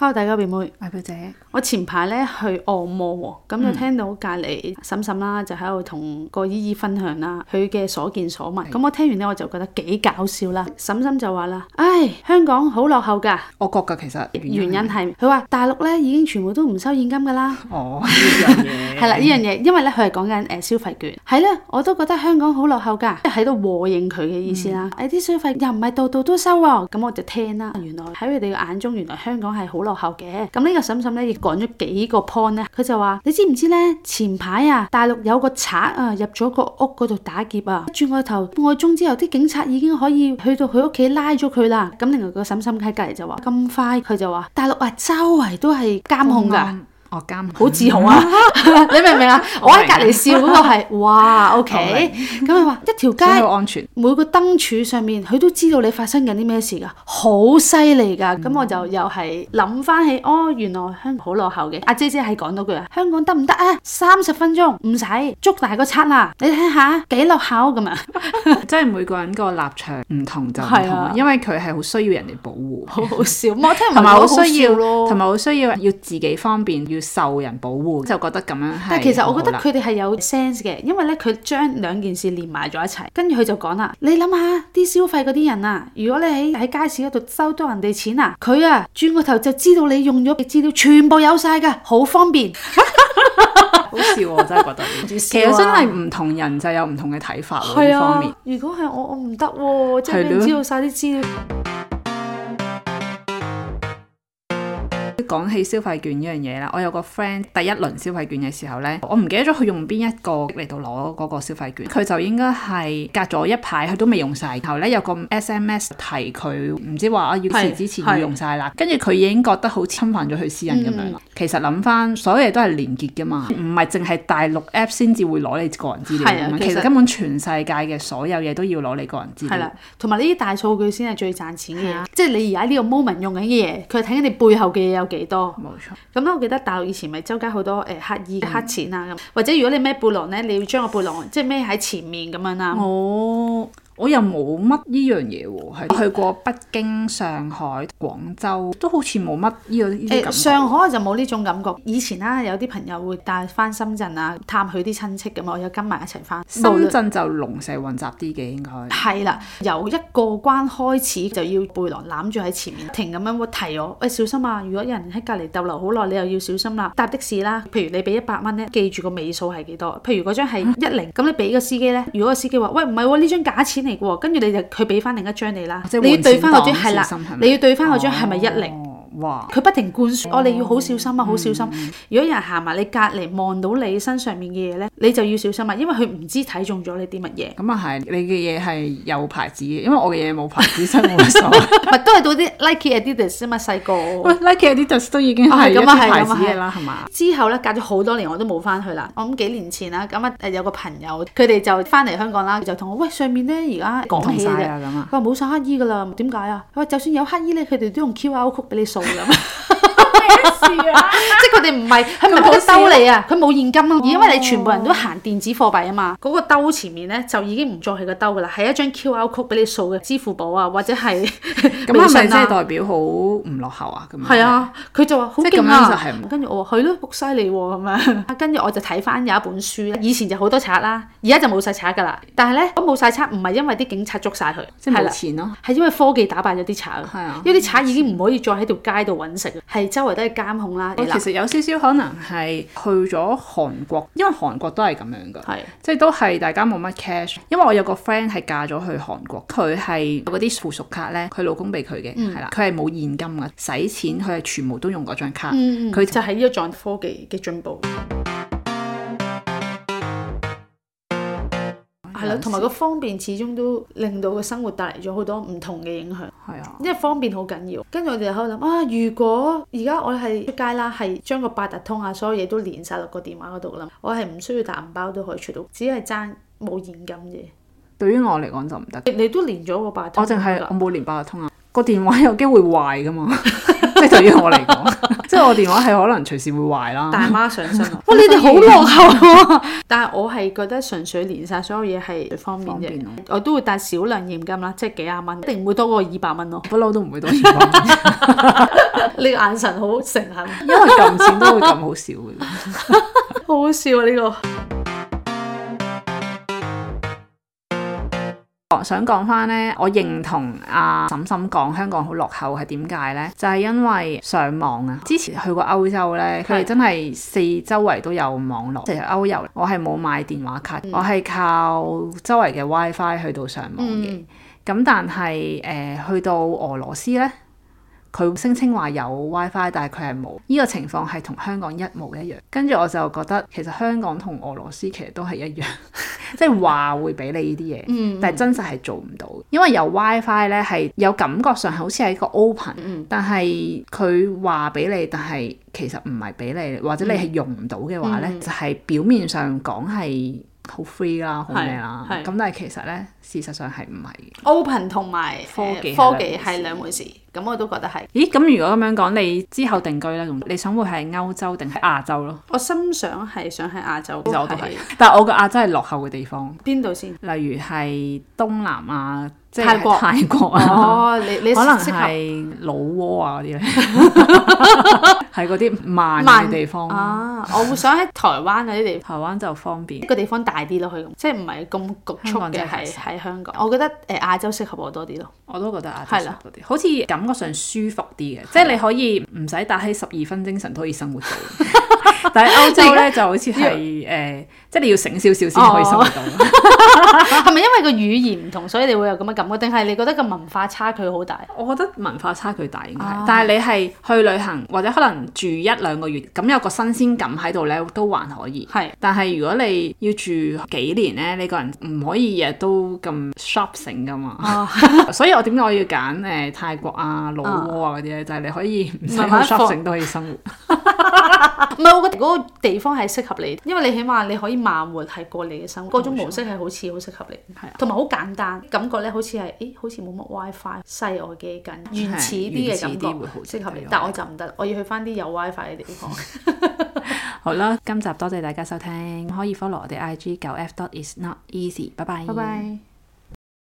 hello，大家，表妹，阿表姐，我前排咧去按摩喎，咁就聽到隔離嬸嬸啦，就喺度同個姨姨分享啦，佢嘅所見所聞。咁我聽完咧，我就覺得幾搞笑啦。嬸嬸就話啦：唉，香港好落後㗎。我覺㗎，其實原因係佢話大陸咧已經全部都唔收現金㗎啦。哦，係啦，呢樣嘢，因為咧佢係講緊誒消費券。係啦，我都覺得香港好落後㗎，即係喺度和應佢嘅意思啦。誒啲消費又唔係度度都收喎，咁我就聽啦。原來喺佢哋嘅眼中，原來香港係好落落後嘅，咁呢個嬸嬸咧亦講咗幾個 point 咧，佢就話：你知唔知咧？前排啊，大陸有個賊啊入咗個屋嗰度打劫啊，轉過頭半個鐘之後，啲警察已經可以去到佢屋企拉咗佢啦。咁另外個嬸嬸喺隔籬就話：咁快，佢就話大陸啊，周圍都係監控噶。哦，我監好自豪啊！ 你明唔明啊？ 我喺隔離笑嗰個係哇，O K，咁佢話一條街安全，每個燈柱上面，佢都知道你發生緊啲咩事㗎，好犀利㗎！咁、嗯、我就又係諗翻起，哦，原來香港好落後嘅阿姐姐係講到句啊，香港得唔得啊？三十分鐘唔使捉大個賊啦！你睇下幾落後咁啊！即 係每個人個立場唔同就唔、啊、因為佢係好需要人哋保護，好好笑，同埋好需要，同埋好需要需要，要自己方便要。要受人保護，就覺得咁樣。但其實我覺得佢哋係有 sense 嘅，因為咧佢將兩件事連埋咗一齊，跟住佢就講啦：你諗下啲消費嗰啲人啊，如果你喺喺街市嗰度收多人哋錢啊，佢啊轉個頭就知道你用咗嘅資料全部有晒㗎，好方便。 好笑啊、哦！真係覺得， 其實真係唔同人就有唔同嘅睇法喎、啊。 呢方面，啊、如果係我，我唔得喎，即係你知道曬啲資料。 講起消費券呢樣嘢啦，我有個 friend 第一輪消費券嘅時候呢，我唔記得咗佢用邊一個嚟到攞嗰個消費券，佢就應該係隔咗一排佢都未用晒。然後呢，有個 SMS 提佢，唔知話要遲之前要用晒啦，跟住佢已經覺得好侵犯咗佢私隱咁樣啦。嗯、其實諗翻所有嘢都係連結噶嘛，唔係淨係大陸 app 先至會攞你個人資料、嗯、其實根本全世界嘅所有嘢都要攞你個人資料。同埋呢啲大數據先係最賺錢嘅、啊，啊、即係你而家呢個 moment 用緊嘅嘢，佢睇緊你背後嘅嘢有幾？幾多？冇錯。咁咧，我記得大陸以前咪周街好多誒黑衣、嗯、黑錢啊咁。或者如果你孭背囊咧，你要將個背囊即係孭喺前面咁樣啦。嗯、哦。我又冇乜呢樣嘢喎，係去過北京、上海、廣州，都好似冇乜呢個呢啲感覺。誒，上海就冇呢種感覺。以前啦、啊，有啲朋友會帶翻深圳啊，探佢啲親戚咁、啊啊、我有跟埋一齊翻。深圳就龍蛇混雜啲嘅，應該係啦、嗯。由一個關開始就要背囊攬住喺前面，停咁樣我提我，喂、欸、小心啊！如果有人喺隔離逗留好耐，你又要小心啦、啊。搭的士啦，譬如你俾一百蚊咧，記住個尾數係幾多？譬如嗰張係一零，咁你俾個司機咧，如果個司機話喂唔係喎，呢張、哦、假錢。跟住你就佢俾翻另一張你啦，是是你要對翻嗰張係啦，你要對翻嗰張係咪一零？佢不停灌輸我哋要好小心啊，好小心！如果有人行埋你隔籬望到你身上面嘅嘢咧，你就要小心啊，因為佢唔知睇中咗你啲乜嘢。咁啊係，你嘅嘢係有牌子嘅，因為我嘅嘢冇牌子，身外物。咪都係到啲 Nike、Adidas 啊嘛，細個。Nike、Adidas 都已經係咁啊係咁啊啦係嘛？之後咧隔咗好多年我都冇翻去啦。我諗幾年前啦，咁啊誒有個朋友佢哋就翻嚟香港啦，就同我喂上面咧而家講晒啊咁啊，佢話冇晒乞衣噶啦，點解啊？佢話就算有乞衣咧，佢哋都用 QR code 俾你掃。哈哈哈！ 即係佢哋唔係，佢唔係冇兜你啊！佢冇這樣 現金啊，而因為你全部人都行電子貨幣啊嘛。嗰、嗰個兜前面咧就已經唔再係個兜噶啦，係一張 Q R code 俾你掃嘅，支付寶啊或者係微信啊。咁係咪即係代表好唔落後啊？咁樣係 啊！佢就話好勁啊！即係就係。跟住我話佢咯，好犀利喎咁啊！跟住、啊、 我就睇翻有一本書咧，以前就好多賊啦，而家就冇晒賊噶啦。但係咧，我冇晒賊唔係因為啲警察捉晒佢，即係冇錢咯、啊，係、啊、因為科技打敗咗啲賊。係啊，因為啲賊已經唔可以再喺條街度揾食啊，係、嗯、周圍都係街監控啦，我其實有少少可能係去咗韓國，因為韓國都係咁樣㗎，係係即係都係大家冇乜 cash。因為我有個 friend 係嫁咗去韓國，佢係嗰啲附屬卡咧，佢老公俾佢嘅，係啦、嗯，佢係冇現金嘅，使錢佢係全部都用嗰張卡，佢、嗯、佢就係呢一種科技嘅進步。同埋個方便始終都令到個生活帶嚟咗好多唔同嘅影響，係啊，因為方便好緊要。跟住我哋就喺度諗啊，如果而家我係出街啦，係將個八達通啊，所有嘢都連晒落個電話嗰度啦，我係唔需要帶銀包都可以出到，只係爭冇現金啫。對於我嚟講就唔得。你都連咗個八達通，我淨係我冇連八達通啊，個、啊、電話有機會壞㗎嘛。 即係 對於我嚟講，即、就、係、是、我電話係可能隨時會壞啦。大媽上身，哇，哇！你哋好落後啊！ 但係我係覺得純粹連晒所有嘢係方，方便嘅，我都會帶少量現金啦，即係幾廿蚊，一定唔會多過二百蚊咯，不嬲都唔會多二百蚊。你個眼神好誠懇， 因為撳錢都會咁好笑。嘅 好笑啊！呢、這個。我、哦、想講翻呢，我認同阿嬸嬸講香港好落後係點解呢？就係、是、因為上網啊。之前去過歐洲呢，佢哋的真係四周圍都有網絡，即係歐遊，我係冇買電話卡，嗯、我係靠周圍嘅 WiFi 去到上網嘅。咁、嗯、但係誒、呃，去到俄羅斯呢，佢聲稱話有 WiFi，但係佢係冇。呢、這個情況係同香港一模一樣。跟住我就覺得，其實香港同俄羅斯其實都係一樣。即係話會俾你呢啲嘢，但係真實係做唔到，因為由 WiFi 咧係有感覺上好似係一個 open，、嗯、但係佢話俾你，但係其實唔係俾你，或者你係用唔到嘅話咧，嗯、就係表面上講係好 free 啦，好咩啦，咁但係其實咧事實上係唔係嘅。open 同埋科技科技係兩回事。咁我都覺得係。咦，咁如果咁樣講，你之後定居咧，你想會係歐洲定係亞洲咯？我心想係想喺亞洲，其實我都係。Okay. 但係我個亞洲係落後嘅地方。邊度先？例如係東南亞。泰國、泰國啊！哦，你你可能適合老窩啊嗰啲，係嗰啲慢嘅地方。我會想喺台灣嗰啲地方，台灣就方便，個地方大啲咯，可以即係唔係咁局促嘅。係喺香港，我覺得誒亞洲適合我多啲咯。我都覺得亞洲多啲，好似感覺上舒服啲嘅，即係你可以唔使打起十二分精神都可以生活到。但係歐洲咧就好似係誒，即係你要醒少少先可以生活到。係咪 因為個語言唔同，所以你會有咁嘅感覺？定係你覺得個文化差距好大？我覺得文化差距大應該係，啊、但係你係去旅行或者可能住一兩個月，咁有個新鮮感喺度咧，都還可以。係是。但係如果你要住幾年咧，你個人唔可以日日都咁 shopping 㗎嘛。所以我點解我要揀誒、呃、泰國啊、老窩啊嗰啲咧？就係、是、你可以唔使 shopping 都可以生活。唔係，我覺得嗰個地方係適合你，因為你起碼你可以慢活係過你嘅生活，嗰種模式係好似。好適合你，同埋好簡單，感覺咧好似係，誒、欸，好似冇乜 WiFi，西外機咁原始啲嘅感覺。原始啲會好適合你，合你但我就唔得，嗯、我要去翻啲有 WiFi 嘅地方。 好啦，今集多謝大家收聽，可以 follow 我哋 I G 九 F dot is not easy，拜拜。拜拜。